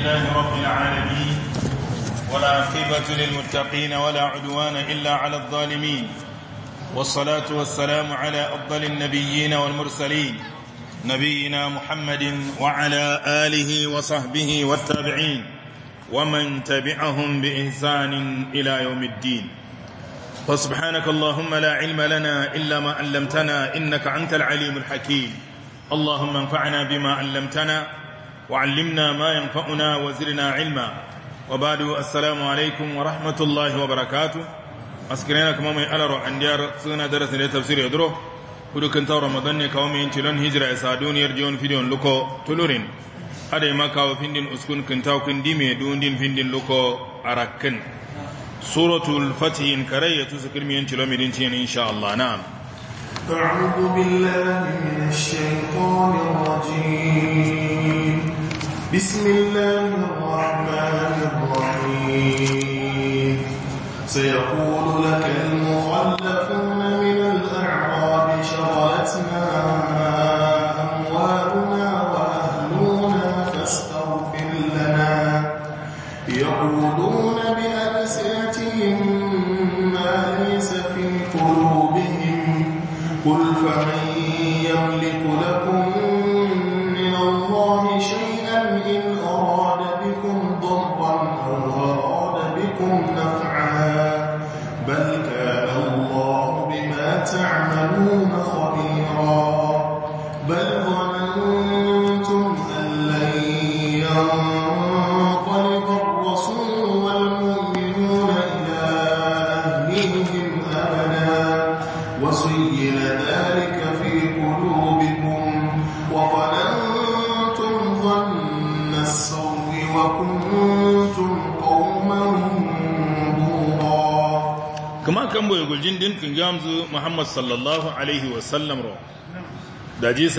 لله رب العالمين والعاقبة للمتقين ولا عدوان إلا على الظالمين والصلاة والسلام على أفضل النبيين والمرسلين نبينا محمد وعلى آله وصحبه والتابعين ومن تبعهم بإحسان إلى يوم الدين فسبحانك اللهم لا علم لنا إلا ما علمتنا إنك أنت العليم الحكيم اللهم انفعنا بما علمتنا وعلمنا ما ينفعنا وزرنا علما وبعد السلام عليكم ورحمة الله وبركاته أسكرنا كما من ألر عن ديار سنة درس لتفسير يدرو kudu kan Ramadan ya kawo mai yanci hijira ya sa duniyar jiyon fidiyon luko tulurin ada yi makawa findin uskun kan taukun dime dundin findin luko a rakkin suratul fatihin karai ya tusa kirmi yanci lomidin ciyen insha Allah أعوذ بالله من الشيطان الرجيم بسم الله الرحمن الرحيم سيقول لك المخلفون من الأعراب شغلتنا أموالنا وأهلنا فاستغفر لنا يقولون بألسنتهم ما ليس في قلوبهم قل فمن يملك لكم cikin jamzu Muhammad sallallahu alaihi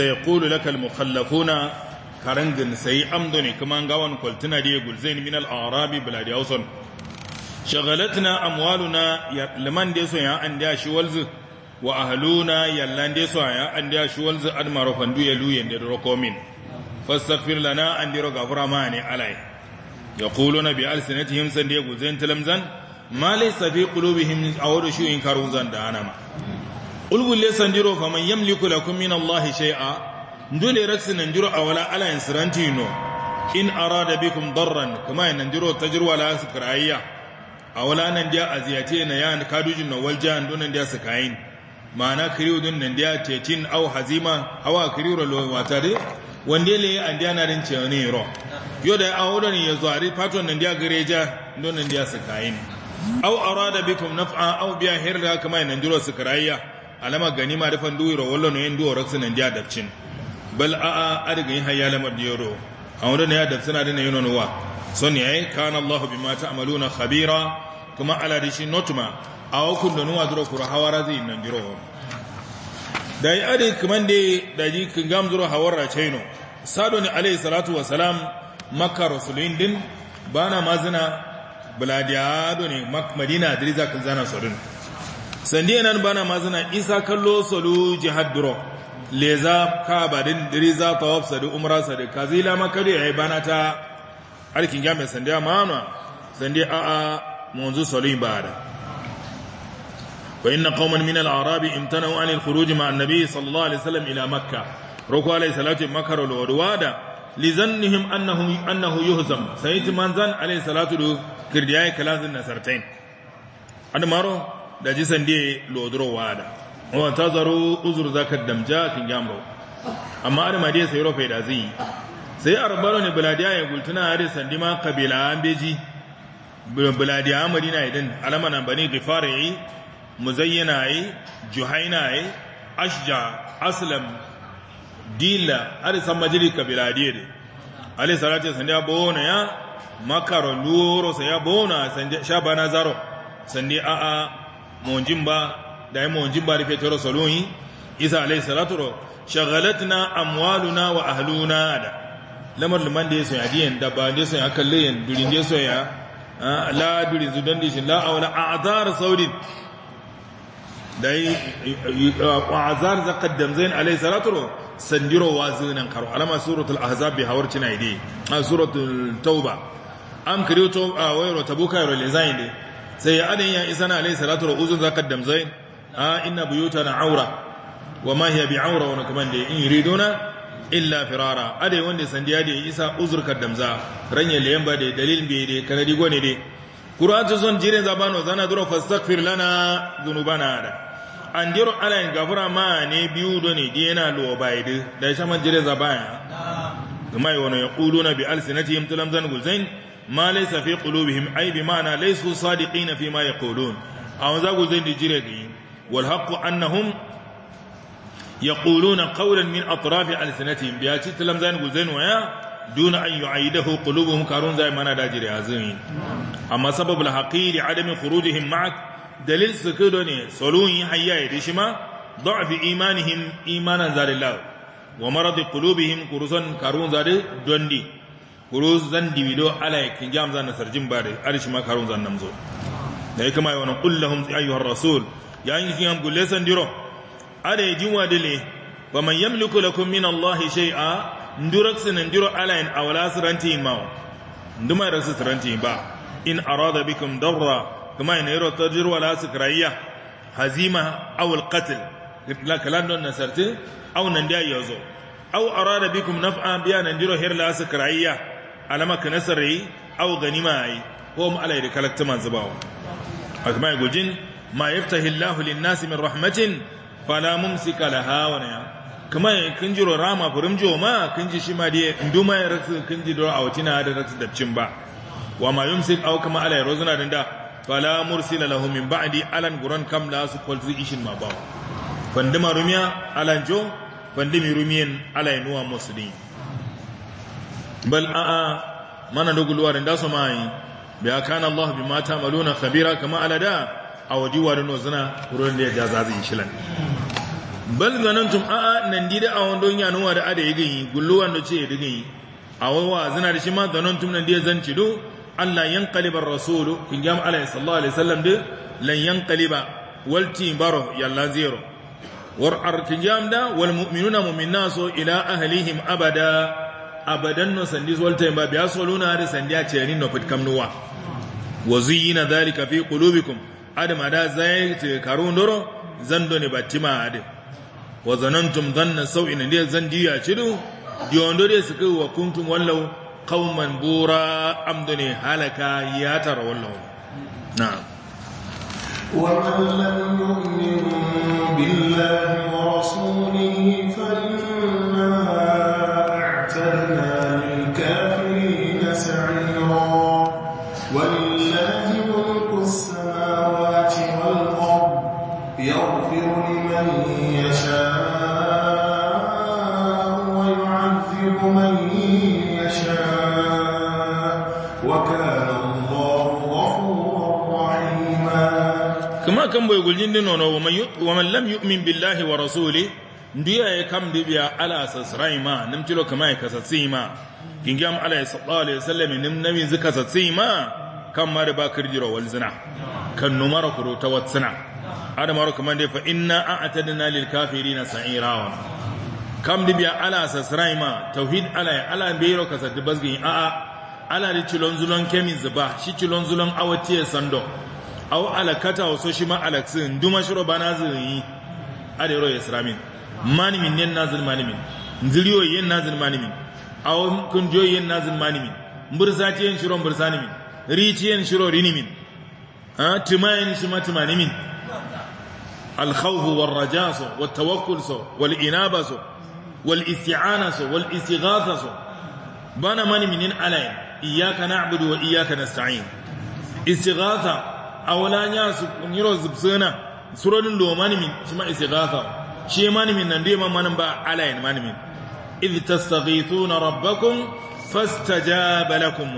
ya kulu laka al karangin sai amduni kuma gawan kultuna da gulzain arabi biladi hausan shagalatna amwaluna ya liman da so ya an da shi walzu wa ahluna ya lan da so bi alsinatihim san da ma laysa fi qulubihim shi shu inkarun zan da anama ulgul lesan diro faman yamliku lakum min allahi shay'a ndule raksin ndiro awala ala insirantino in arada bikum darran kuma in ndiro tajruwa la sukraiya awala nan dia aziyate na ya kadujin na waljan donan dia sakayin ma'ana kiriu dun nan dia tetin au hazima hawa kiriu lo wata dai wanda le an dia na rin cewa ne ro yo da awodon ya zuwa ri patron nan dia gareja donan dia sakayin aw arada bikum naf'a aw biya hirra kama yanan juro su karayya alama gani ma rifan duwiro wallo no yin duwiro su nan dabcin bal a a arga yin hayya lamar diyoro an wadda ya dabcin a dina yunan wa son ya yi kana allahu bi mata na khabira kuma ala shi notuma a wakun da nuwa duro kura hawara zai nan juro da yi adi kaman da da ji kin gam duro hawara chaino sadu alayhi salatu wa salam makka din bana mazina bladiado ne madina adriza kan zana solun sandiya nan bana mazana isa kallo solu jihad duro leza ka badin diriza tawaf sadu umra sadu kazila makari ai bana ta alkin game sandiya mana sandiya a a munzu solun bada وإن قوما من الأعراب امتنعوا عن الخروج مع النبي صلى الله عليه وسلم إلى مكة ركوا عليه الصلاة مكر الودوادة لظنهم أنه, أنه يهزم سيد منزل عليه الصلاة yi kalasin nasartain an maro da ji sande lodro wada ta zaro uzur zakat damja kin gyamro amma an madiya sai rofe da zai sai arbaro ne buladiya ya gultuna har sandima kabila an beji buladiya madina idan alamana bani yi muzayyana yi juhaina yi ashja aslam dila har san majiri kabila diye alai sande abuwa bona ya makaro luro sa ya bona sanje shabana zaro sande a a monjimba da monjimba rife toro soloni isa alayhi salatu ro shagalatna amwaluna wa ahluna da lamar liman da yaso yadiyan da ba da yaso ya kalle yan durin da yaso ya la durin zudan da shi la awla a'dar saudi dai azar za qaddam zain alayhi salatu ro sandiro wazinan karo alama suratul ahzab bi hawarcin aidi suratul tauba am kirito a wayro tabuka yaro lezain ne sai ya adin ya isa na alayhi salatu wa uzun zakat damzain a inna buyutana aura wa ma hiya bi'aura wa kuma da in yuriduna illa firara ade wanda sandiya da isa uzur damza ranye liyan ba da dalil bi da kanadi gone de qur'an to zon jiren zabano zana duro fastaghfir lana dhunubana da an diro ala in gafura ma ne biyu do ne dina lo baide da shaman jiren zabaya kuma yono yaquluna bi alsinatihim zan gulzain ma laysa fi qulubihim ay bi ma'ana laysu sadiqin fi ma yaqulun aw za ku zai jire gi wal haqqu annahum yaquluna qawlan min atraf alsinatihim bi ati talam zan ku zai waya eh? duna an yu'aidahu qulubuhum karun zai mana da jire azumi amma sababul haqiqi adami khurujihim ma'ak dalil sukudo ne solun hayya da shi ma ضعف إيمانهم إيمانا زار الله ومرض قلوبهم كرسا كارون زار دوندي kuruz zan diwido ala yakin jam zan sarjin bare arishi ma karun zan namzo da yake mai wannan qul lahum rasul ya yin kin am gulle san diro ade jinwa dile wa man yamliku lakum min allahi shay'a ndurak san ndiro ala in awla siranti ma nduma rasu siranti ba in arada bikum darra kuma in yaro tajir wala sikrayya hazima aw al qatl la kalan don nasarti aw nan da yazo aw arada bikum naf'a biya nan diro her sikrayya alamaka au gani ganima yi ko mu alai da kalakta A zubawa akmai gujin ma yaftahi Allahu lin-nasi min rahmatin fala mumsika laha wa ya kuma kin jiro rama furim ma kin ji shi ma dai nduma ya rasu kin ji dora a wucina da rasu dabcin ba wa ma yumsik au kama alai rozuna danda fala mursila lahu min ba'di alan guran kam la su kolzi ishin ma ba fandima rumiya alan jo fandimi rumiyen alai nuwa musulmi bal a'a mana doguluwarin da su mai biya kana Allah bi mata maluna khabira kama alada a waji warin ozina ruwan da ya jaza zai shilan bal ganantum a'a nan dida a wandon nuwa da ada ya ganyi gulluwan da ce ya ganyi a wawa zina da shi ma zanantum nan da zan zanci do Allah yanqaliba ar-rasul in jam alayhi sallallahu alaihi wasallam da lan yanqaliba wal timbaro yalla zero war arkijam da wal mu'minuna mu'minna so ila ahlihim abada abadan no sandi zolta ba biya soluna da sandi a cerin no fit kamnuwa wa zuyina zalika fi qulubikum adam ada zai te karun doro zando ne batima ade wa zanantum dhanna sau'in ne zandi ya cidu yondo dai suka wa kuntum wallahu qauman bura amdune halaka ya tara wallau. na'am ومن لم billahi wa ورسوله guljin boygolñinni nono waman lam yumin billahi wa rasuli ndiya ye kam dibiya ala sasraima nimcilo kama ye kasatsima kingiyam ala ye sallallahu alaihi wasallam nim nawi zika satsima kam mari ba kirjiro wal zina kan numara kuro ta watsina adam maro kaman dai fa inna a'tadna lil kafirina sa'ira kam dibiya ala sasraima tauhid ala ye ala biro kasati basgin a a ala di cilon zulon kemin zuba shi cilon zulon awatiye sando au alakata wasu shi ma alaksin duma shiro ba nazirin a da yaro ya manimin yin nazir manimin ziriyo yin nazir manimin au kunjo yin nazir manimin bursati yin shiro bursanimin rici yin shiro rinimin tuma yin shi ma tumanimin الخوف والرجاء والتوكل والإنابة والاستعانة والاستغاثة بنا من من علين إياك نعبد وإياك نستعين استغاثة awla nya su niro zubsana suronin do manimi shi ma istighatha shi min nan dai man ba alayin mani min idh tastaghithuna rabbakum fastajaba lakum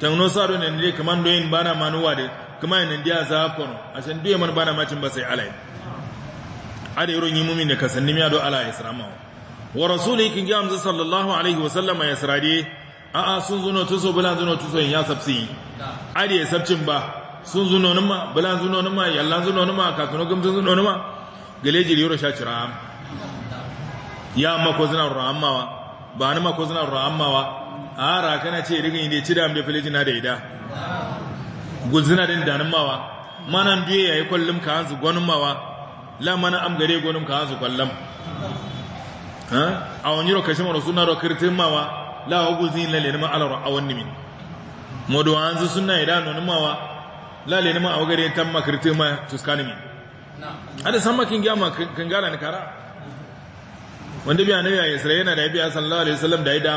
tangno saro nan dai kaman do yin bana manuwa da kuma nan dai za ku a san dai man bana macin ba sai alayin ade ada yoro yi mumin da kasanni miya do ala israma wa rasuli kin ga amsa sallallahu alaihi wa sallam ya sirade a a sun zuno tuso bulan zuno tuso ya sabsi ade ya sabcin ba sun zuno ma bala zuno ma yalla zuno ma kasuno gum zuno ma gele jiri yoro sha cira ya amma ko zina ro amma wa ba ni ma ko zina ro amma wa ara kana ce rigin ne da ambe fileji da ida guzina din danin mawa manan biye yayi kullum ka hanzu gonin mawa la mana am gare gonin ka hanzu kullum ha a wani ro kashin rasulna ro kirtin mawa la huguzin lalle ma alaro awanni min modu hanzu sunna ida nonin mawa lalle ne ma wagare tan makirte ma tuskanimi ada san kin ga ma kan gara ne kara wanda biya nabi ya yana da biya sallallahu alaihi wasallam da ida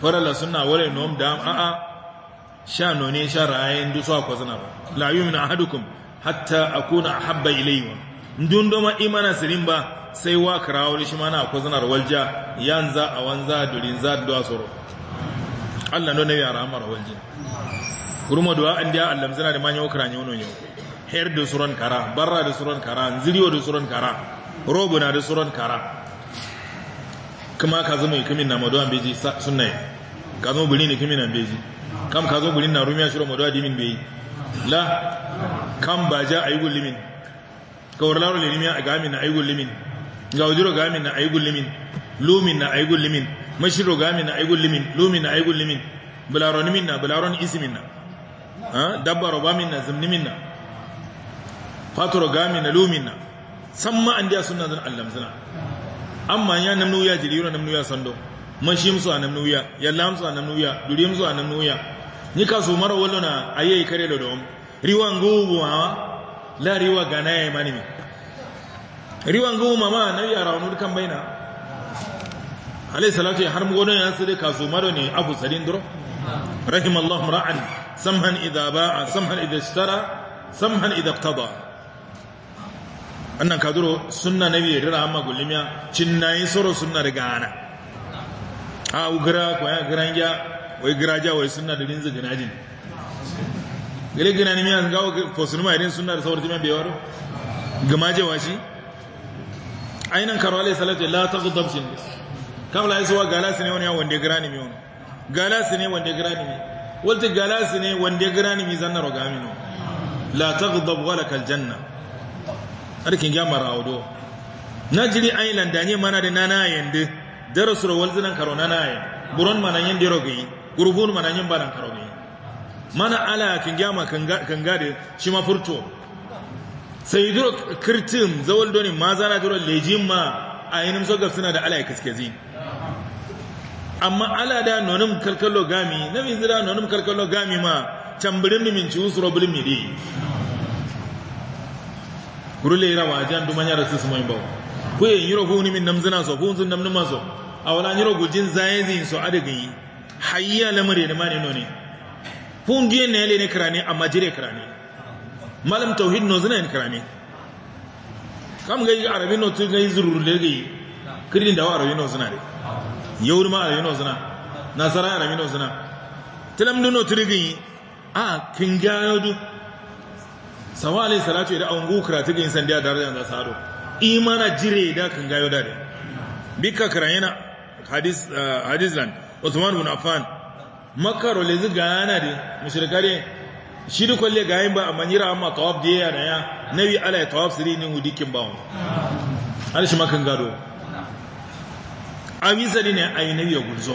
farala sunna wala nom da a a sha no ne sha ra'ayin du so ko zana ba la yu'minu ahadukum hatta akuna ahabba ilayhi ndun do ma imana sirin ba sai wa karawo shi na ko zanar walja yanza awanza durin za do asoro Allah no ne ya rahmar waljin kurma duwa an dia allam zana da manyo kran yono yo her da suran kara barra da suran kara ziriyo da suran kara robuna na da suran kara kuma ka zama kimin na maduwan beji sunnai ka zama bulin kimin na beji kam ka zama bulin na rumiya shiro maduwa dimin beji la kam ba ja yi gullimin. ka warlaro limiya a gamin na ayyul limin ga wajiro gamin na ayyul gullimin. lumin na ayyul limin mashiro gamin na ayyul gullimin. lumin na ayyul limin bularon min na bularon isimin na dabba roba minna zamni minna fatoro gami na lumina san ma an diya suna zan allam suna amma ya namnu ya jiri yura namnu ya sando man shi musu a namnu ya yalla musu a namnu ya duri musu a namnu ya ni ka su mara wallo na aye kare da dom riwa ngubu ma la riwa gana ya mani mi riwa ngubu ma ma na ya rawu kan baina alayhi salatu har mu godon ya sai ka su maro ne abu sarin duro rahimallahu ra'an samhan idza ba'a samhan idza ishtara samhan idza iqtada annan kaduro sunna nabi rira amma gulmiya cinnayi soro sunna daga ana a ugra ko ya granja wai graja wai sunna da rinzi ginajin gele ginani miya ga ko sunna irin sunna da saurati mai bewaro gamaje washi ainan karo alayhi salatu la taghdab shin kabla yasu wa galasi ne wani ya wanda grani miyon galasi ne wanda grani miyon wolti galasine wonde grani misanna ro gamino la taghdab walaka aljanna arkin Na jiri najri island danye mana da nana su rawar zinan karo nana yende buron manayin yende rogi gurbun mana yin baran karo gi mana ala kin gama kan gada shi ma furto sai duro kirtin zawal doni ma zana duro lejin ma a yinin so gafsina da ala ya kaskezi amma ala da nonum kalkalo gami na mi zira nonum kalkalo gami ma tambirin min ci usro bulmi di kurule ira wa jan duma rasu su mai bawo ku yin yiro hu ni min namzina so ku zun namnu maso awala yiro gujin zayezi so adagi hayya lamare ne mani noni fun giye ne le ne krani amma jire krani malam tauhid no zina ne krani kam ga arabi no tu ga zurur le ga kirin da wa arabi no zina ne yawurma a yino nozuna nasara a mino zina tilam duno turigin a kinga yodu sawa alai salatu ida angu karatu ga sandiya da daraja za sado imana jire da kinga da ne bika karayana hadisland osman bin afan makaro lezi gana de mushrikare shi duk kwalle ga yin ba a manira amma tawaf da ya yana ya nawi ala ya tawaf siri ne hudikin bawon alishi makin gado awizari ne a yi na ya gurzo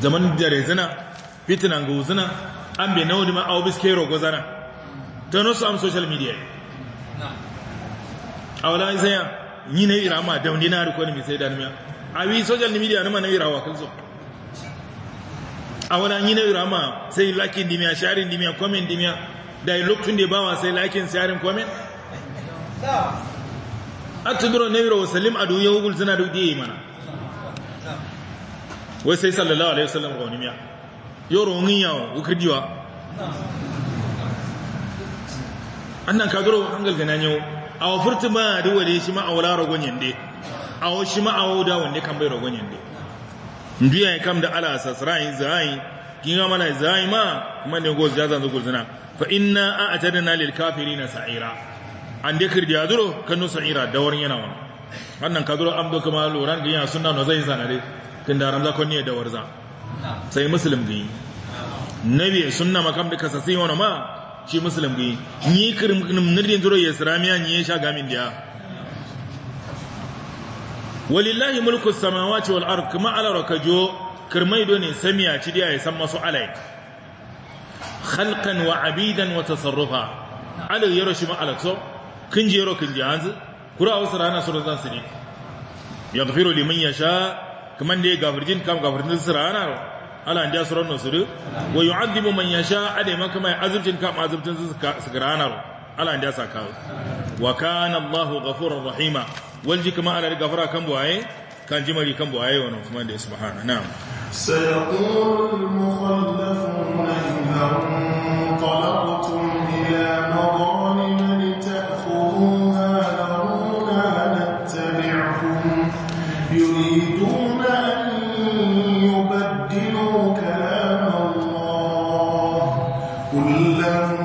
zaman da zina fitinan ga wuzina an bai nauni ma aubis kero gozana ta nusu am social media a wala an zaya yi na yi rama da wani na ne mai sai da nima a yi social media na yi na ira wa kalzo a wala yi na yi rama sai lakin dimiya sharin dimiya comment dimiya da yi lokacin da ba bawa sai lakin sharin comment atubiro nabi wa sallim adu ya hugul zina dudi mana wai sai sallallahu alaihi wasallam ga wani miya yoro ngin yawo ukridiwa annan ka garo hangal ganan yau a wafurtu ma da wale shi ma a wala ragon yande a wa shi ma a wauda wanda kan bai ragon yande ndiya ya kam da ala sasrayin zayin kinga mana zai ma kuma ne go zazan zukur zina fa inna atadna lil kafirina sa'ira an dekir da yaduro kanu sa'ira da warin yana wa. wannan kaduro abdu kuma loran ga yana sunna no zai sanare kin da ramza kon ne da warza sai muslim gi nabi sunna makam da kasasi wani ma shi muslim gi ni kirim nirdin zuro ya siramiya ni ya sha gamin diya walillahi mulku samawati wal ard kuma ala rakajo kirmai do ne samiya ci diya ya san masu alai khalqan wa abidan wa tasarrufa ala yarashi ma alatso yaro kinjero hanzu kura wasu rana su zan su ne ya gafiro liman ya sha kuma da ya gafirjin kam gafirjin su rana ro ala inda su nan su du wa yu'adhibu man ya sha ade kuma ya azubcin kam azubcin su rana ro ala inda sa kawo wa kana allah ghafurur rahima walji kuma ala gafara kan buwaye kan jimari kan buwaye wannan kuma da subhana na'am sayaqul mukhallafuna innahum qalaqtum ila madar يريدون أن يبدلوا كلام الله قل لن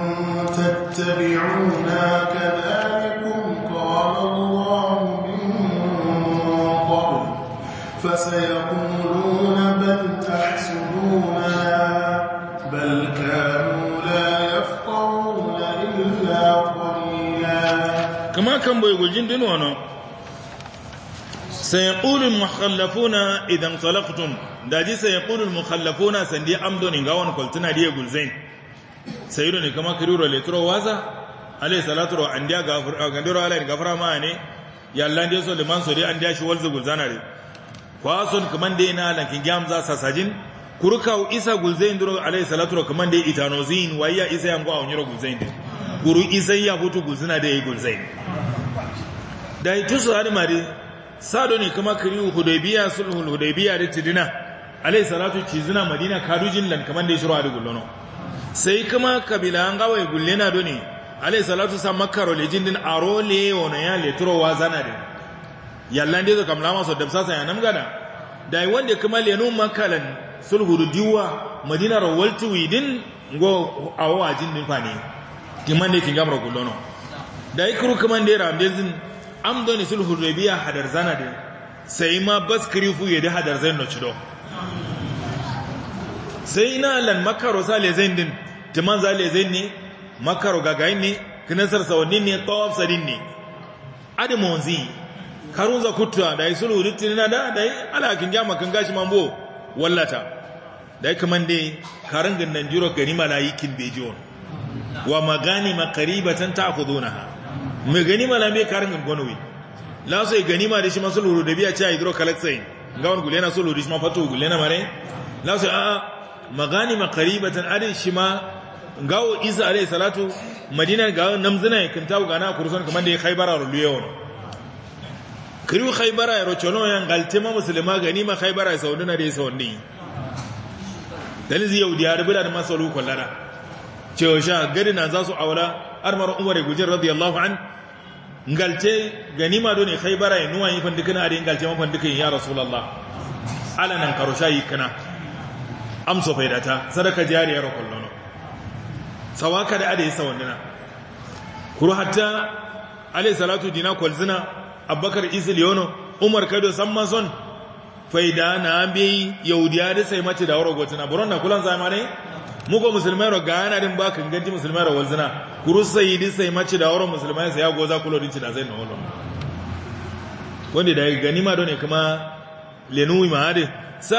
تتبعونا كذلكم قال الله من قبل فسيقولون بل تحسدوننا بل كانوا لا يفقهون إلا قليلا كما كان بيقول جندن وانو sayaqulu al-mukhallafuna idan intalaqtum daji sayaqulu al-mukhallafuna sandi amdon ingawon koltuna die gulzain sayido ne kama kiriro letro waza alayhi salatu wa andiya gafar gandiro alayhi gafara ma ne yallan de so liman so de andiya shi walzu gulzana re kwason kaman de na lan za gamza sasajin kurkau isa gulzain duro alayhi salatu wa kaman de itanozin wayya isa yango awnyiro gulzain de guru isa ya hutu gulzina de gulzain dai tusu hadmari ne kuma kariu hudaybiya sulhul hudaybiya da tidina alai salatu cizina madina kadujin lan kaman da shiru adu gullono sai kuma kabila an gawaye gullena doni alai salatu sa makka role jindin arole wona ya le turo wa zana de yallan de kam lama so dabsa sa yanam gada? dai wanda kuma le nu makalan sulhu diwa madina rawaltu widin go awa jindin fani kiman de kingamro gullono dai kuru kuma de ramdezin amdoni sulhu rabiya hadar zanadin sai ma baskiri fu yadda hadar zai no do. sai ina lan makaro sale zain din timan zale zain ne makaro gagayin ne kinasar sawannin ne tawaf sadin ne adimonzi karunza kutwa da sulhu ritina da da ala kin jama kan gashi mambo wallata da yi kaman dai karin gannan jiro gani malayikin bejiyon wa magani makaribatan ta akudunaha mai gani na mai karin gangonowi la so yi ma da shi masu lura da biya ce a hidro kalaksai gawon gule na lura luru shi ma fato gulena mare la so yi a magani batan adin shi ma gawo isa alai salatu madina ga namzina ya kinta gana a kurson kamar da ya khaibara rulu yawon kiri khaibara ya rocolon ya ma musulma gani ma khaibara ya saunina da ya saunni dalil yau da ya rubuta da masu lukun cewa sha gari na za su aula armar umar gujir radiyallahu an ngalce ganima do ne khaybara yi nuwa yi a ade ngalce ma fandikin ya rasulullah ala nan yi kana amso faidata sadaka jariya yaro sawaka da ade yasa wandina kuru hatta Ali salatu dina kwalzina abubakar isil umar kado samman son faida na bi yaudiya da sai mace da waro gotina buron na kulan zamanai mugo musulmai ro ga yana din ba kan ganti musulmai ro walzina kuru sai din sai mace da auren musulmai sai ya goza kulo din ci da zai na wolo wanda da ganima don ne kuma lenui ma hade sa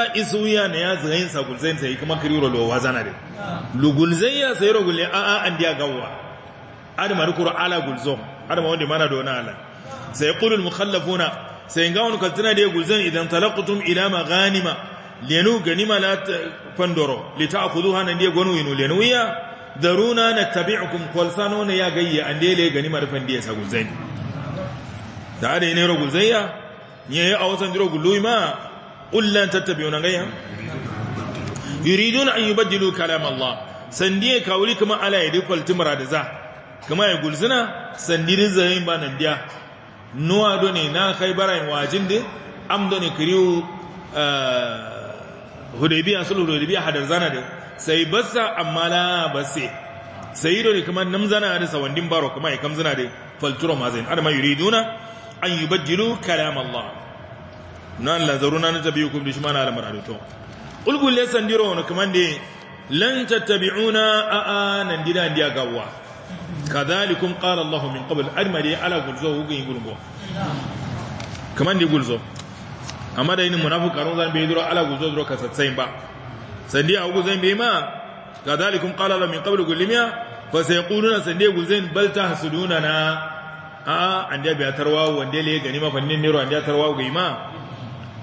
ya ne ya zayin sa gulzayin sai kuma kiriro lo wazana de lugulzai ya sai ro gulle a a an dia gawwa adama rukuru ala gulzo adama wanda mana na ala sai yaqulu mukhallafuna sai ga wani kaltina da gulzan idan talaqtum ila maghanima lenu ganima la fandoro litakhudhuha nan die gonu yinu lenu ya daruna nattabi'ukum qulsano ne ya gayya andele ganima da fandiye saguzai da da ne ro zayya ne a wasan rogu luima ullan tattabi'una gayya yuriduna an yubaddilu kalam Allah sandiye kawuli kuma ala yadi faltimra da za kuma ya gulzina sandirin zayin ba nan dia nuwa do ne na kai barayin wajin din am do ne kiriu ah, hudaybiya sulhu hudaybiya hadar zana da sai bassa amma la basse sai dole kuma nam zana da sawandin baro kuma ya kam zana da falturo mazin adama yuriduna an yubaddilu kalam Allah nan la zaruna na tabiyukum dushmana al maradu ulgul lesan diro wani kuma ne lan tattabi'una a'a nan dida ndiya gawa kadhalikum qala Allah min qabl armadi ala gulzo hugin gulgo kuma ne gulzo amma da yin munafiqan zan bai duro ala guzo duro ka satsayin ba sandi a zan bai ma kadalikum qala la min qabl gulmiya fa sayquluna sandi guzan bal tahsuduna na a an da biya tarwa wanda le gani ma fannin niro an da tarwa ga ima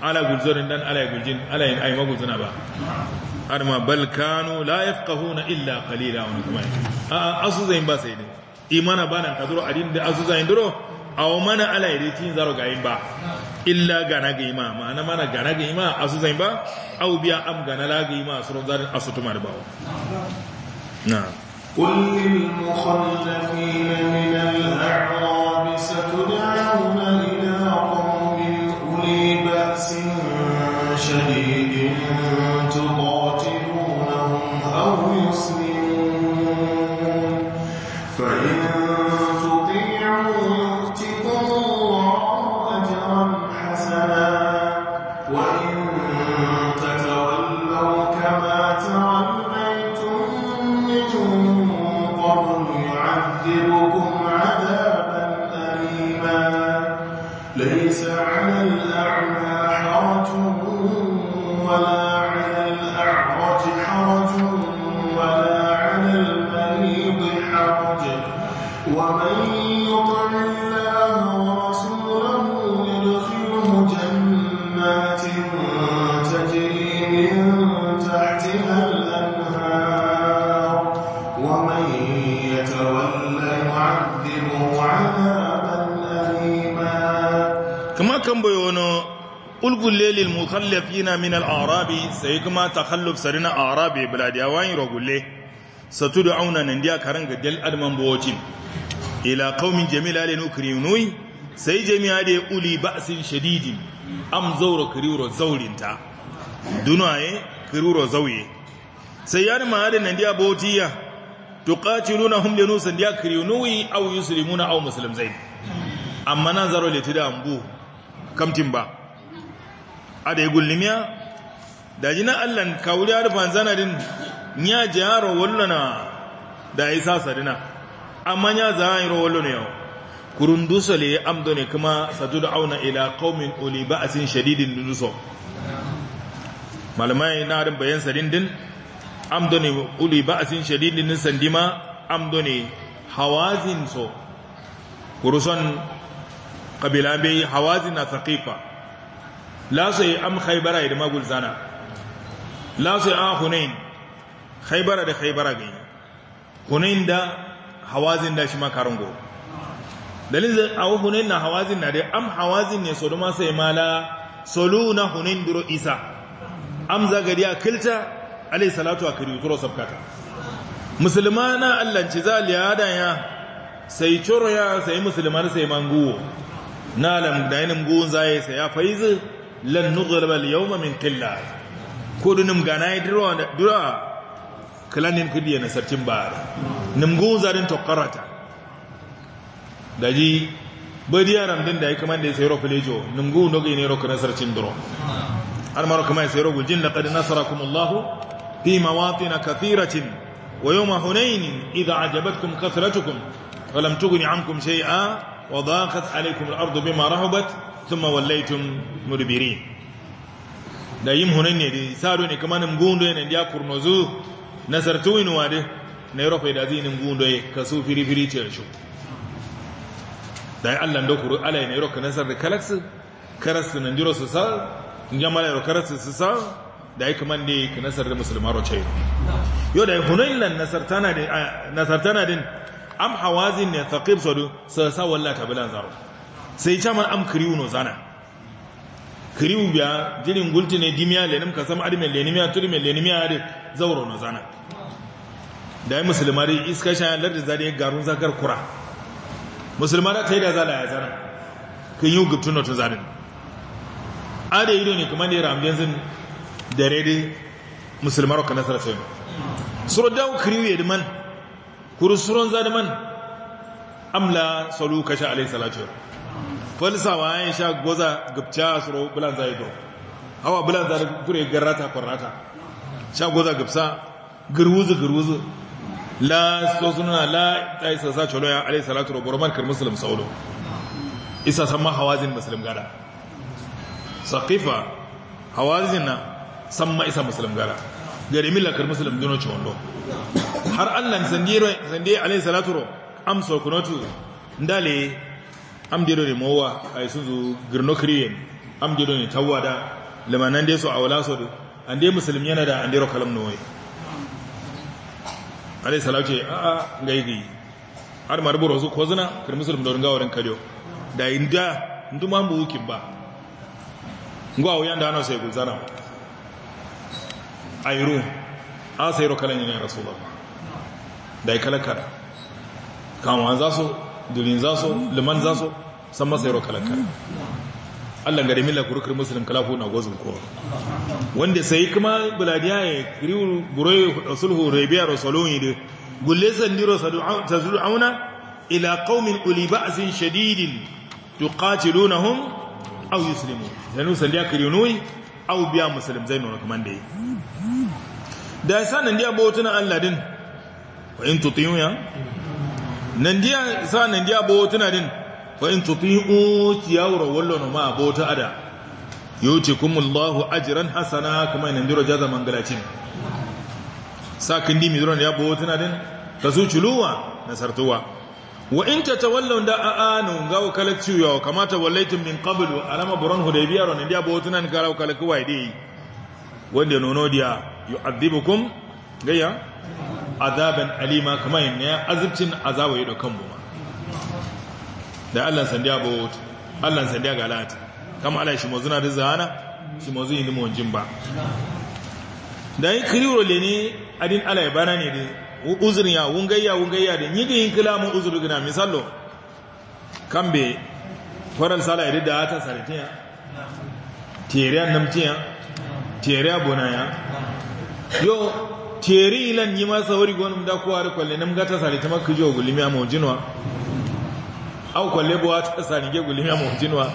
ala guzorin dan ala gujin ala yin ai maguzuna ba har ma bal kanu la yafqahuna illa qalila wa kuma a asu zain ba sai ne imana ba nan kaduro adin da asu zain duro aw mana ala yiritin zaro ga imba illa gana ga ima ma'ana mana gana ga ima asu zai ba aw biya am gana la ga ima asu zarin asu tumar ba na qul lil mukhallafin min al-a'rab ulgulle lil na min al-arabi sai kuma takhalluf sarina arabi biladiyawan rogulle satudu auna nan dia karanga dal adman bawocin ila qaumin jamila lanu kirinui sai jami'a da uli ba'sin shadidin am zawra kiriro zaurinta dunaye kiriro zauye sai yana ma da nan dia bawotiya tuqatilunahum lanu san dia kirinui aw yuslimuna aw muslim amma nan zaro litida ambu kamtin ba ada gullimiya da jina allan kawuri harfan zanadin ya ji yaro wallana da ya sa sadina amma ya za a yi rawallona yau kurun dusa le amdo ne kuma sadu da auna ila kaumin oli ba a sin shadidin duso malamai na harin bayan sadindin amdo ne oli ba a sin shadidin sandima amdo ne hawazin so kurusan kabila bai hawazin na saƙifa la yi am khaibara da magul zana la yi a hunain khaibara da khaibara gani hunain da hawazin da shi makarin go dalil da a hunain na hawazin na dai am hawazin ne sodoma sai mala soluna hunain duro isa am a kilta alai salatu a kiri turo sabkata musulmana allanci zaliya da ya sai coro ya sai musulman sai manguwo na alam da yanin guwun zaye sai ya faizu lan nudhlama al-yawma min qillah ko dunum ganai dura dura kalanin kudi na sartin bara nim gozarin tokarata daji bari yaram din da yake man da ya sayro filejo nim go no ne ro kana sartin duro har maro kuma ya sayro gujin laqad nasarakumullahu fi mawatin kathiratin wa yawma hunain idha ajabatkum kathratukum falam tughni ankum shay'a وضاقت عليكم الأرض بما رهبت thumma wallaytum mudbirin da yim hunan ne da sado ne kamar nan gundo ne ndiya kurnozu nasartu in wade ne rofe da zinin gundo ye kasu firi firi ce shi da Allah da kuru alai ne roka nasar da kalaksu karas nan diro su sa jamal ne karas su sa da yake man ne ka nasar da musulman roce yo da hunan lan nasar tana din nasar tana din am hawazin ne thaqib sadu sa sa wallahi tabilan zaro sai chaman am kriu no zana kriu biya jirin ne dimiya lenim kasam adme lenimiya turme lenimiya ade zauro no zana da yi musulmari iska shayan lardin zane garun zakar kura musulmari ta yi da zala ya zana kan yi gubtun na tun zanen ada ido ne kuma ne rambiyan zin da rede musulmari kan nasarar sayin suru dawo kiriwe ya man kuru suron zaɗi man amla salu kashe alai salatu falsa wa yan sha goza gubta suro bulan zai do hawa bulan zai kure garrata kwarrata sha goza gubsa girwuzu girwuzu la so sunna la tai sa sa cholo ya alayhi salatu wa barakatuh kar muslim Saulo. isa samma hawazin muslim gada saqifa hawazin na samma isa muslim gada gari milla kar muslim duno chondo har Allah sandiro sandai alayhi salatu amso kunatu ndale amdiro ne mowa ay zu girno kriyen amdiro ne tawada lamanan de so awla so do dai muslim yana da andiro kalam noy alai salatu a a gaigi har marbu rozu ko zina kar muslim da ngawo ran kadiyo da inda nduma mu wuki ba ngwa yanda ana sai guzana ayru a sai ro kalan ne rasulullah dai kalakara kan wanza so za zaso liman zaso san masa yaro kalanka Allah ga remila kurkur musulun kalafu na gozin kowa wanda sai kuma buladiya ya kiriwu buroyi sulhu rabiya rasulun da gulle sandiro tazuru auna ila qaumin uli ba'sin shadidin tuqatilunahum aw yuslimun zanu kiri kiriyunui au biya muslim zainu rakman dai da sanan dia botuna Allah din wa in tutiyuna nandiya sa nandiya dia bo din fa in tuti'u tiyawra wallo ma bo ta ada kumullahu ajran hasana kuma in ndiro jaza mangalacin sa kindi mi diro ya bo na din na sartuwa wa in tawalla da aanu ga wakalatu ya kamata wallaitum min qablu alama buran hudaybiya ron ndiya bo tuna ga kalaku wai dai wanda nono dia yu'adhibukum gaya azaban alima kamar yin ya azabcin azawa ya daukan buwa da Allah sandiya bawot Allah sandiya galat kama ala shi mozuna da zana shi mozu yi mu jin ba da yi kiriro le ne adin ala ya bana ne da uzurin ya wungayya wungayya da yi yin kalamu uzuru gina misallo kambe faran sala ya da ta saritiya teriya namtiya teriya bonaya yau teri ilan yi masa wari gonu da ko da kwalle nam gata ta maka jiwa gulimi amo jinwa au kwalle buwa ta sari ge gulimi amo jinwa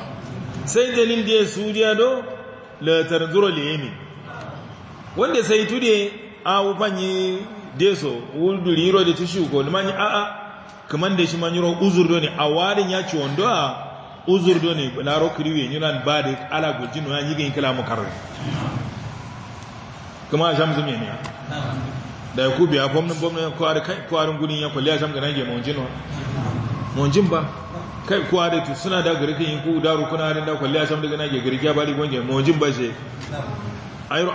sai dalil da su diya do la tarzuro li yemi wanda sai tude a ufanyi so wuduri ro da tushe ko limani a a kaman da shi maniro uzur do ne a warin ya ci wando a uzur do ne laro kriwe yunan ba da ala gujinu yi ga kala mukarrar kuma sham zum ne da ya kubi ya fomnin bomnin kwari kai kwarin gudun ya kwalli sham ganan gema wancin wa wancin ba kai kwari tu suna da garkin yin ku da kuna harin da kwalli asham daga nage garki ya bari gwange wancin ba shi yi.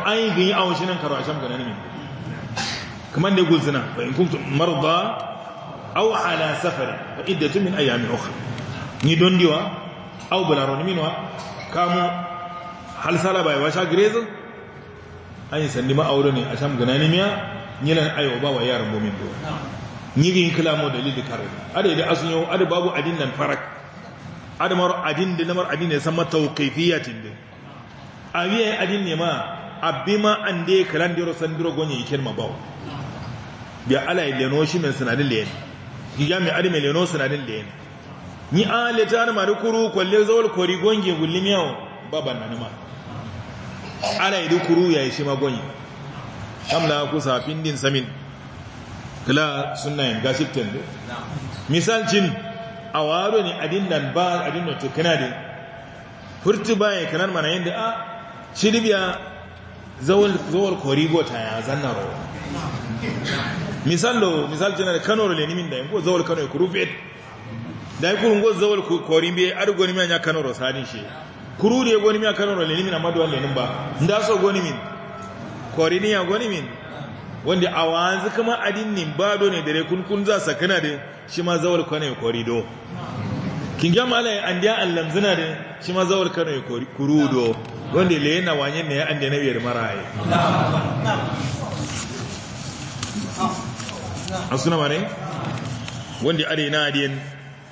ayi gin yi awon shinan karo sham ganan ne kuma da gulzina fa in kuntum marda aw ala ba fa iddatu min ayami ukhra ni don diwa aw bularoni minwa kamu hal sala bai washa grezin yi sandi ma ne a asham gunani miya nyilan ayo ba wa yar mumin do nyigi kalamo dalili kare ade da yau ade babu adin nan farak ade mar adin da namar adin ne sama a din yi adin ne ma abima ande kalandiro sandiro gonye yi ma bawo biya ala leno shi men sanadin ki giga mai adi mai leno da leyen ni an leta na marukuru kwalle zawal kori gonge gulimiyawo baban nan ma ala idukuru ya shi Kam kamla ku safin din samin kula suna yin gashiften do misal cin a waro ne adin nan ba adin nan tukana din furtu baya kanar mana da a shirbiya zawar korigo ta ya zanna rawa misal lo misal cin da kano le nimin da yin ko zawar kano ya fiye da ya kurungo zawar korimbe argo nimin ya kano rosanin shi kurude goni mi akano ro lenimi na madu ba nimba so goni min koriniya goni min wanda a wanzu kama adinnin bado ne dare kun kun za sakana da shi ma zawar kwana ya korido kin gama ala ya andiya an lamzina da shi ma zawar kwana ya kurudo wanda le yana wanyan ne ya an na biyar maraye a suna ne? wanda are na adiyan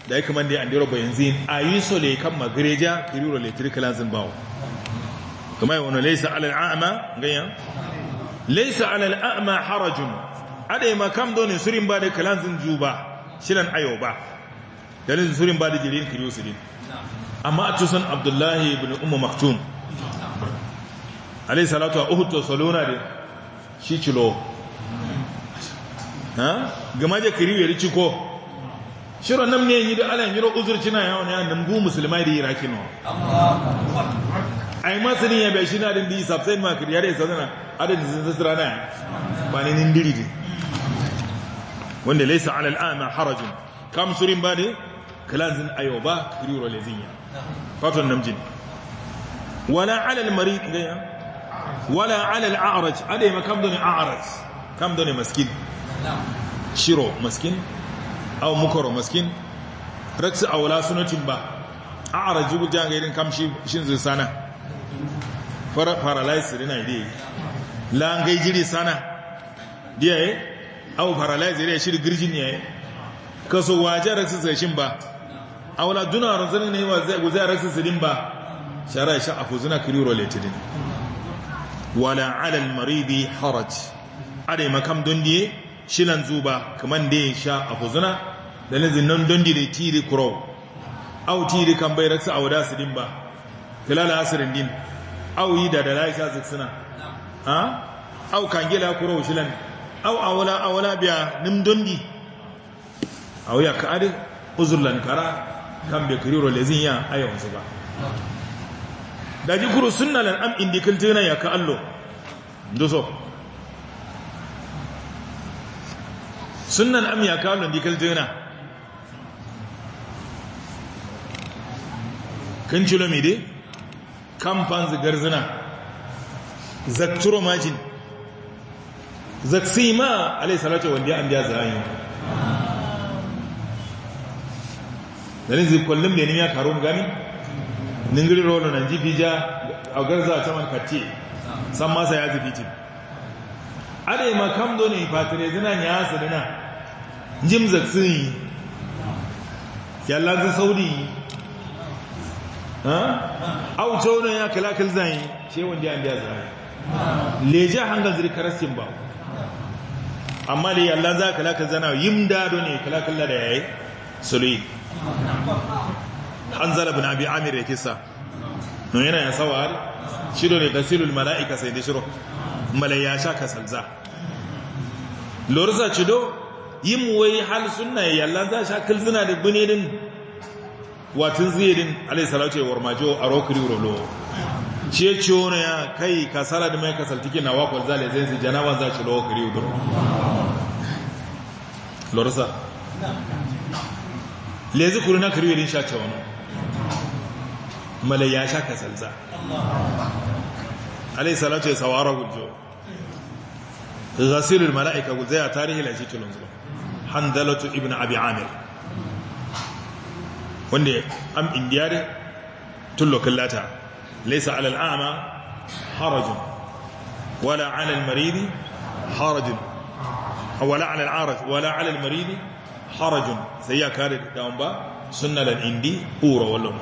da ya kamar da ya andiro bayanzin a yi so le kan magreja kiriro le tirkala zimbawo kuma yi wani laisa alal a'ama ganyan laisa alal harajun adai makam doni surin ba da kalan zinju ba shirin ayo ba dalilin surin ba da jirin kiriro sirin amma a tusan abdullahi ibn umu maktum alai salatu a uhud to salona da shi cilo ha gama da kiriro ya riciko shiro nam ne yi da ala yiro uzur cina yawo ne nan gu musulmai da iraki no ai masani ya bai shina din di sabsai ma kiriyar ya sana adin zin zasra na ba ne nin diri wanda laysa alal ana harajin. kam surin ba ne kalanzin ayo ba kiriro ya. Faton namjin wala alal al-marid gaya wala ala al-a'raj adai makam doni a'araj. kam doni maskin shiro maskin aw mukoro maskin raksu awla sunatin ba a araji gujan ga irin kamshi shin zai sana fara paralyze rina ide la ngai jiri sana diye aw paralyze re shir girjin ne kaso waje raksu sai shin ba awla duna ranzan ne wa zai guzai raksu sidin ba shara sha akuzuna kiriro letidin wala ala al-maridi haraj ade makam dondiye shilan zuba kaman da ya sha a huzuna dalin don dire tiri kuro au tiri kan bai raksa a wada din ba filala asirin din au yi da da laisa ziksina ha au kan gila kuro shilan au awala awala biya nim dondi au ya ka adi uzurlan kara kan bai kiriro lezin ya ayyawun su ba daji kuro sunna lan am indikiltina ya ka allo duso sunnan am ya da dikal indikiltina kanchilo mide kampanz garzina zakturo majin zaksima alayhi salatu wanda an biya zai dan zai kullum ne ya karo gami ningiri rolo nan jifija a garza ta man katti san masa ya zifiti ade ma kam do ne fatire zina ya sadina jim zaksini yalla zu saudi au jawna ya kala kal zai ce wanda ya biya zai leje hangal zai karasin ba amma dai Allah za kala kal zana yimda do ne kala kal da yayi suluyi hanzala bin abi amir ya kisa no yana ya sawar shi do ne tasilul malaika sai da shiro ya sha kasalza lorza cido yim wai hal sunna yalla za sha kalzina da bunerin watin zirin alaihissalatu ce warmajo a rokuri rolo ce ciwo ya kai kasala da mai kasaltikin na wakon zale zai zai janawan za ci lokuri rolo lorisa lezi kuri na kiri sha ce wani malai ya sha kasalza alaihissalatu ce sawara gujo zasirin mala'ika guzai a tarihi shi tulun zuwa handalatu ibn abi amir wanda am indiyar tun lokallata laisa alal a'ma harajun wala alal maridi harajun wala alal araj wala alal maridi harajun sai ya kare da ba sunna lal indi ura wallo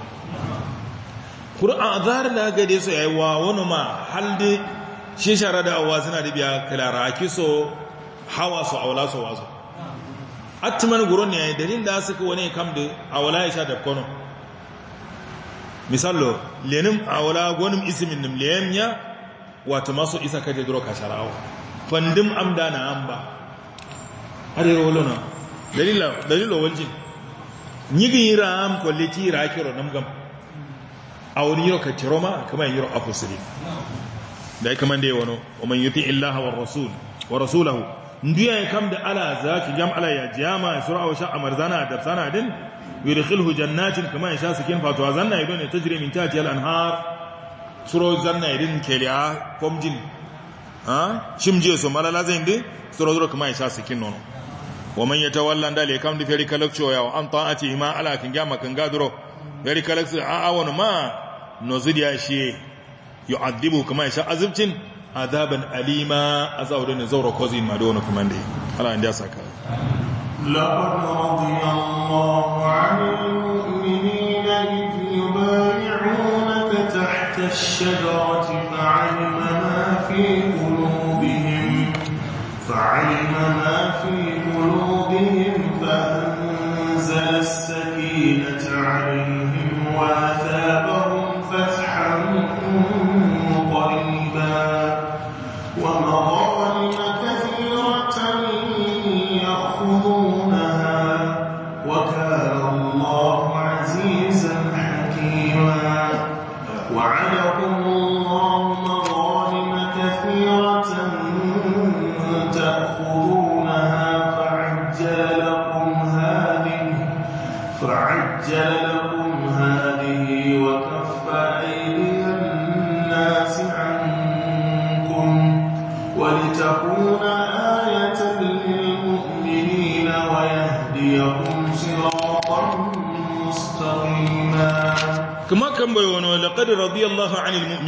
qur'an azhar la gade so yi wa wani ma halde shi shara da awa suna da biya kilara so hawa su aula su wazo atman gurun ne dalil da suka wani kam da awala isha da kono misallo lenim awala gonim ismin nim leyamya wato masu isa kaje duro ka sharawo fandim amda na amba are rolona dalila dalilo walji nyigi ram ko leti kiro nam gam awri yo ka ma kama yiro afusiri dai kaman dai wano o man yuti illaha war rasul wa rasulahu ndiya kam da ala zaki jam ala ya jama sur'a wa sha amarzana da sana din yudkhilhu jannatin kama yasha sakin wa zanna ya tajri min tahtiha al-anhar sura zanna idin kelia komjin ha shimje so mala zain din suro suro kama yasha sakin nono wa man yatawalla dal kam da feri kalakcho ya wa an ta'ati ma ala kin jama kan gaduro feri kalakcho a awana ma nozidi ya shi yu'adibu kama yasha azibtin azaban alima azawde ne zawro kozin ma do kuma ne Allah inda saka laqad radiya Allahu 'anil mu'minina idh yubay'unaka tahta ash-shajarati fa'alima ma fi qulubihim fa'alima ma fi qulubihim fa anzala as-sakinata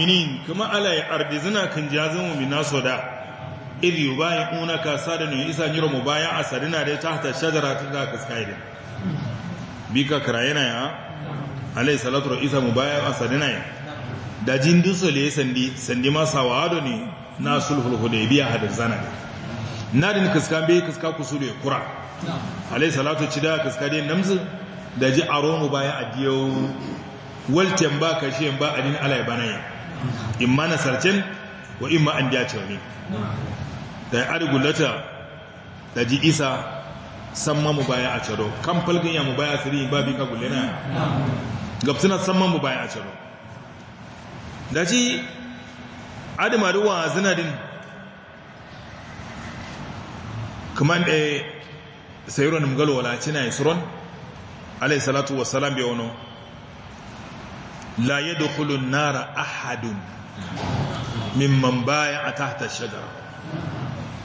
mu'minin kuma ala ya zina kan jazin mu'mina soda idh da sadanu isa nyiro mubaya'a asarina da shajara ta da kaskaide bika karayena ya alai salatu isa mubaya'a sadina ya da jin duso le sandi sandi ma sawado ne na sulhul hudaybiya hadin zana din kaskan be kaska kusure kura Alai salatu da kaskade namzu da ji aro mubaya'a diyo waltan ba kashiyan ba adin alai banaya imma nasarcin wa imma an ja cewa da argulata da ji isa ma mu baya a caro kan falgin ya mu baya a siri ba bi na? gulena gabsuna ma mu baya a caro da ji adamaruwa zinadin kuma da eh, sayuron mgalwala cina isron alai salatu salam bai wano la ya an-nara ahadun mimman baya tahta ash-shajara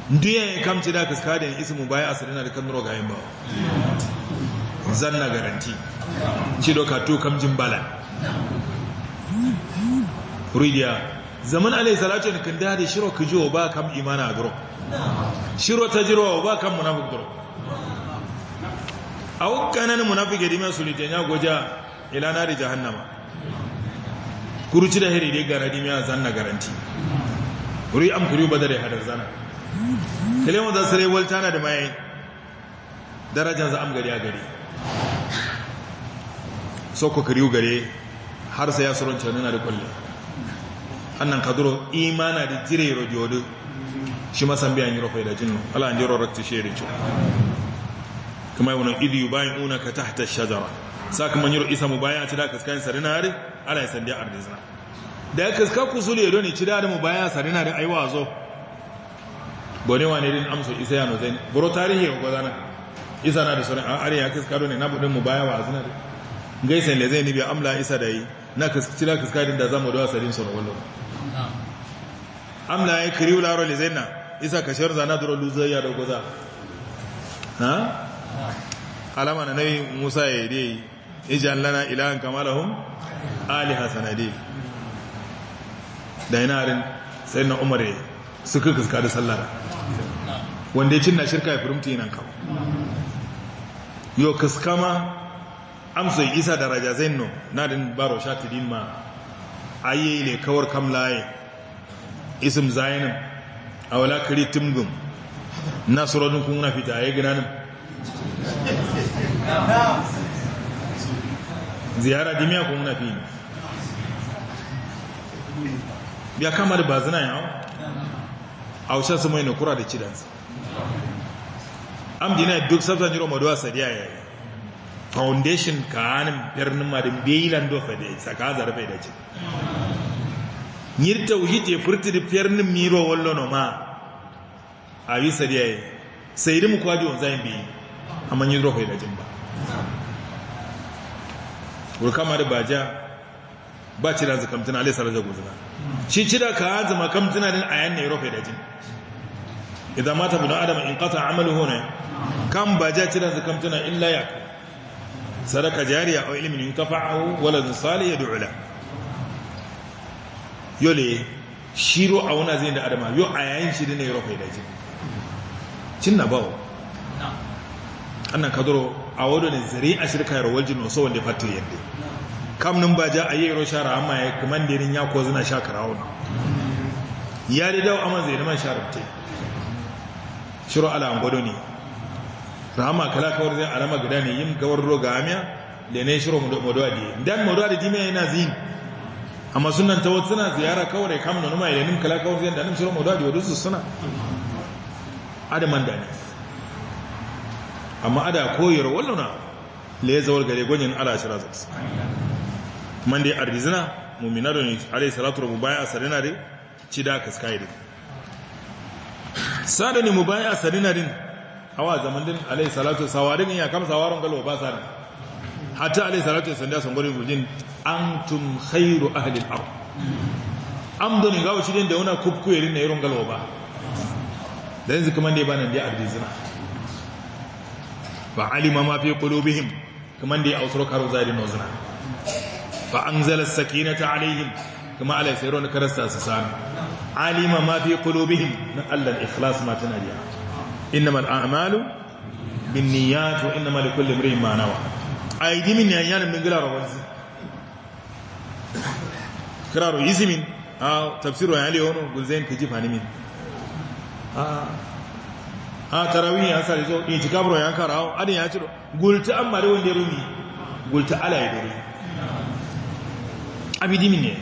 ndiye kamci da ka skade ismu baya asrina da kan roga gayen ba zanna garanti ci doka to kamjin bala rudiya zaman alai salatu ne kan dade shiro kijo ba kam imana duro shiro tajiro ba kam munafiq gro aw kanan munafiq dima ya goja ilana da jahannama kurucida heride garadi mi a zanna garanti kuri am da badare hadar zana kelemo da sare waltana da mai darajar za am gari a gari soko kuriu gare har sai ya suron canina da kullu annan kaduro imana da jire rodiodu shi masan biyan yi rafai da jinnu ala an jiro rakti sheri kuma wani idiyu bayan una ka tahta shajara saka yi yiro isa mubaya ci da kaskan sarina ari ala ya sandi ardizna da kaska kusul yedo ni ci da da baya sarina da aiwa zo bone wane din amso isa ya no zain boro tarihi ko zana isa na da sarina ari ya kaska do ne na budin mubaya wa azna gaisan le zaini bi amla isa da yi na ci da kaska din da zamu da sarin sun wallo amla ya kiriu ro le na isa kashar zana duro luzayya da goza ha alama na nabi musa ya yi ij'al lana ilahan kamalahun ali aliha da yanarin na umar suka kuska da sallar wanda ya cinna shirka ya furumta yanan kawo yo ma amsa isa daraja zainno nadin baro shatidin ma ayi ne kawar kamlaye isim zainin awla kiri timgum nasrodun kun na fita gina nan ziyara dimiya ko muna fi biya kama da bazina ya hau a wucin su mai nukura da cidansa amdina duk sabzan yiro maduwa sadiya ya yi foundation hannun birnin marin beyilan dofa da saka zarfe da ce yir wuhi ce furti da birnin miro wallo na ma a yi sadiya ya yi sai rimu kwadi wanzayin beyi amma yi rofe da jin ba da baja ba ci da zakamtuna alai sarar da guzuna shi ci da ka zama tana din a yan europe da jin idan mata bin adam in qata amaluhu ne kam baja ci da tana illa ya sadaka jariya aw ilmin yutafa'u wala salih yad'u la yole shiro a wana zai da adama yo a yayin shi da europe da jin cin na bawo annan kadoro a wadda ne zari a shirka yarwar jino so wanda fatir yadda ja a yi ayero shara amma ya kamandirin ya ko zina shakara won ya ri dawo amma zai man sharabte shiro ala an godo ne rahama kala kawar zai alama guda ne yin gawar roga amiya da ne shiro maduwa da dan maduwa da dime yana zin amma sunan ta wata suna ziyara kawai kam nun ma yanin kala kawar zai da nan shiro modowa da wadansu suna adaman da ne amma ada koyar walluna le zawar gare gwajin ala shirazas mande ardizina mu'minado ni alayhi salatu wa mubaya sarina de cida kaskaide ne mu mubaya sarina din awa zaman din alayhi salatu sawarin ya kama sawarin galo ba sar hatta alayhi salatu sanda son gurin gujin antum khairu ahalin al-ard doni gawo shi din da una kubku irin na irin galo ba Da yanzu kuma dai banan dai ardizina Ba alima ma fi kulubihim kuma dai ausro karo zari nozna fa anzala sakinata alaihim kama ala sayro na karasta su sami alima ma fi qulubihim na Allah al-ikhlas ma tana biya innamal a'malu binniyat wa innamal kullum imrin ma nawa A aidi min yan min gila rawanzi kiraro izmin a tafsiru ya lewono gulzain kaji fani min a tarawih ya sare zo in tikabro ya karao adin ya ciro gulta an da wanda ya rumi gulta ala ya dare abidimi ne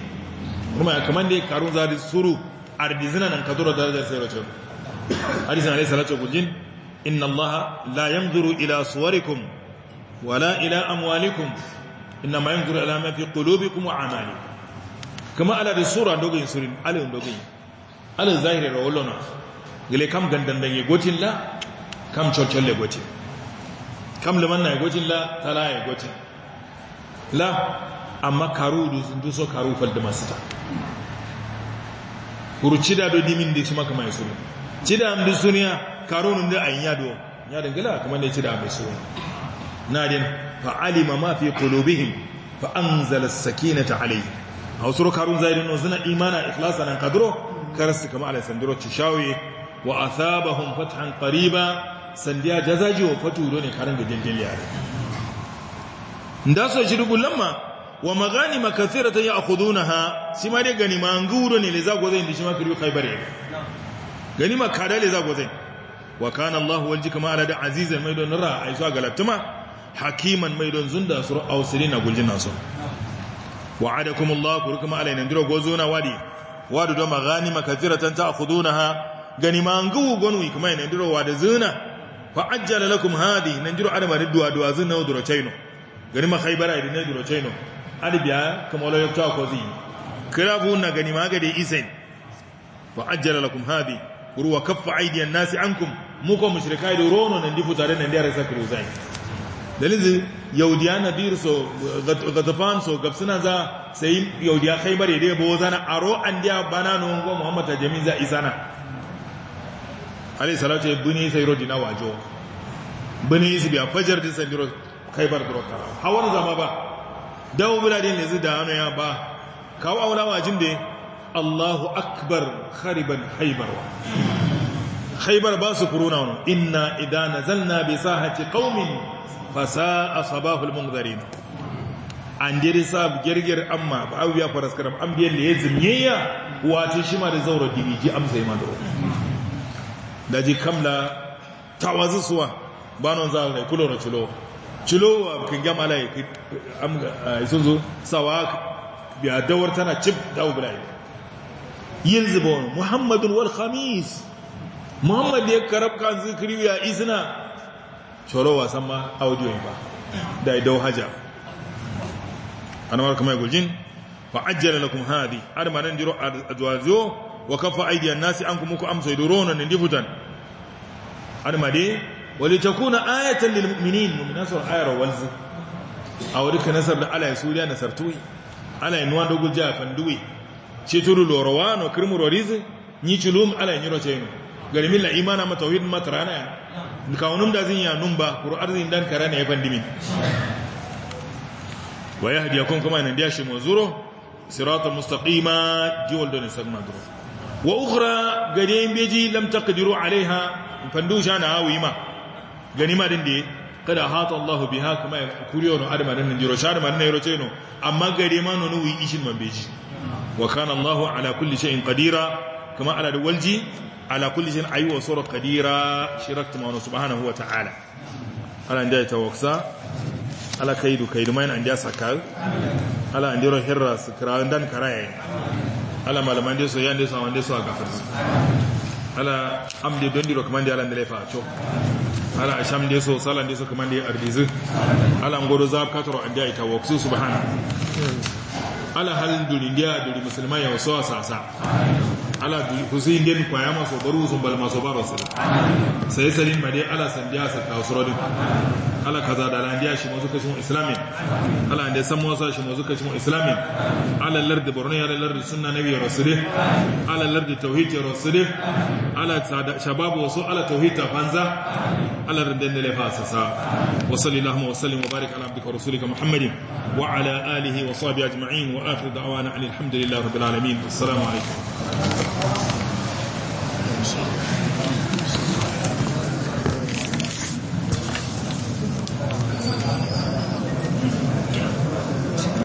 kuma kamar da karun zari suru ardizina nan kadura darajar sai race hadisin alayhi salatu gujin inna allaha la yanzuru ila suwarikum wala ila amwalikum inna ma yanzuru ila ma fi qulubikum wa amalikum kama ala da sura dogon surin alayhi dogon ala zahiri rawlona gile kam gandan da ye gotin la kam chochon le gotin kam liman na ye gotin la tala ya gotin la amma karu sun so karu falda masu ta kuru cida do dimin da su maka mai suna cida am du suniya karunun da an yado ya dangala kamar da cida mai suna na din fa'ali ma fi qulubihim fa na ta sakinata a wasu karun zaidin no zina imana ikhlasa nan kadro karasu kama alai sandiro cishawi wa asabahum fathan qariba sandiya jazaji wa fatu do ne karin gajin diliyare da so shi dubulan ma wa magani maghanima kathiratan ya'khudunaha simari ganima nguro ne le zago zai ndishima kiriyo khaybar ya Gani kada le zago zai wa kana Allah walji kama ala da azizan mai don ra ai so galatuma hakiman mai don zunda sur ausirina guljina so wa'adakum Allah kurkuma alaina ndiro gozona wadi wadu do maghanima ta ta'khudunaha ganima ngu gonu kuma ina ndiro wada zuna fa ajjala lakum hadi nan jiro adama duwa duwa zuna duro chaino ganima khaybara idin duro chaino arbiya kama wala yakta ko zi kirabu na gani magade isen fa ajjala lakum haɗi. ruwa kaffa aidiyan nasi ankum muko mushrikai da rono nan difu tare na dare sa kiro zai dalizi yaudiya na bir so gatafan so gabsuna za sai yaudiya khaybar yade bo zana aro an bana banano ngo muhammad jami'a za na. alayhi salatu ibni sayro dina wajo bani isbi a fajar din sandiro khaybar durota. hawan zama ba dawo biladin yanzu da hannu ya ba kawo aula wajin da Allahu akbar khariban haibar haibar ba su furu na inna idana nazalna bi sahati qaumin fasa asbahul munzirin an dai sab girgir amma ba abu ya faras an biyan da ya zimyayya wace shi ma da zaura diriji amsa ya ma da ji kamla tawazusuwa banon za ne kulo na culo cilowa kan gama la eh, sun zo sawa ya dawar tana cif da ubulai yin zubon muhammadun wal khamis muhammad ya karab kan zikiri ya izina shoro wasan ma audio ba da idau haja anawar kamar gujin fa ajjala lakum hadi adama nan jiro ajwazo wa kafa aidiyan nasi an kuma ku amsa idurona ne difutan adama dai ولتكون آية للمؤمنين مؤمنين سورة آية روالزي أو ريك نسب على سوريا نسبتوي على إنوان دوغل جاء فندوي شتورو لوروان وكرمو روريزي نيشلوم على نيرو تينو قال ملا إيمانا ما توحيد ما ترانا يعني كونم دازين يا نمبا كرو أرزين دان كرانا يفندمين ويهديكم كما يندياش موزورو صراط المستقيم جول دون سغنا درو واخرى قديم بيجي لم تقدروا عليها فندوش انا اويما ganima din da kada hata Allahu biha kuma kuriyo no adama nan jiro shar man ne ce no amma ma no nuwi ishin man beji wa kana Allahu ala kulli shay'in qadira kuma ala walji ala kulli shay'in ayyu sura qadira shirakta ma subhanahu wa ta'ala ala nda tawaksa ala kaidu kaidu mai an da sakal ala an diro hirra sukra dan karaye ala malaman da so yan da so wanda so ga kafirsu ala amde don diro kamar da ala ndelefa cho ala asham de so salan de so kamande ardizu ala ngoro zab katro ande ay tawaksu subhana ala halin duri ndia duri muslima ya so sasa ala duri kusi ndin kwa yama so baru so bal maso baro sai sai salin made ala sandiya sa kawsoro din ala kaza da ala ndiya shi mo suka shi islamin ala ndiya san mo shi mo suka shi islamin ala lard borno ya lard sunna nabi rasulih ala lard tauhid rasulih ala shabab wasu ala tauhid fanza ala rindan da lafa sasa wa sallallahu wa sallim wa barik ala abdika rasulika muhammadin wa ala alihi wa sahbihi ajma'in wa akhir da'wana alhamdulillahi rabbil alamin assalamu alaikum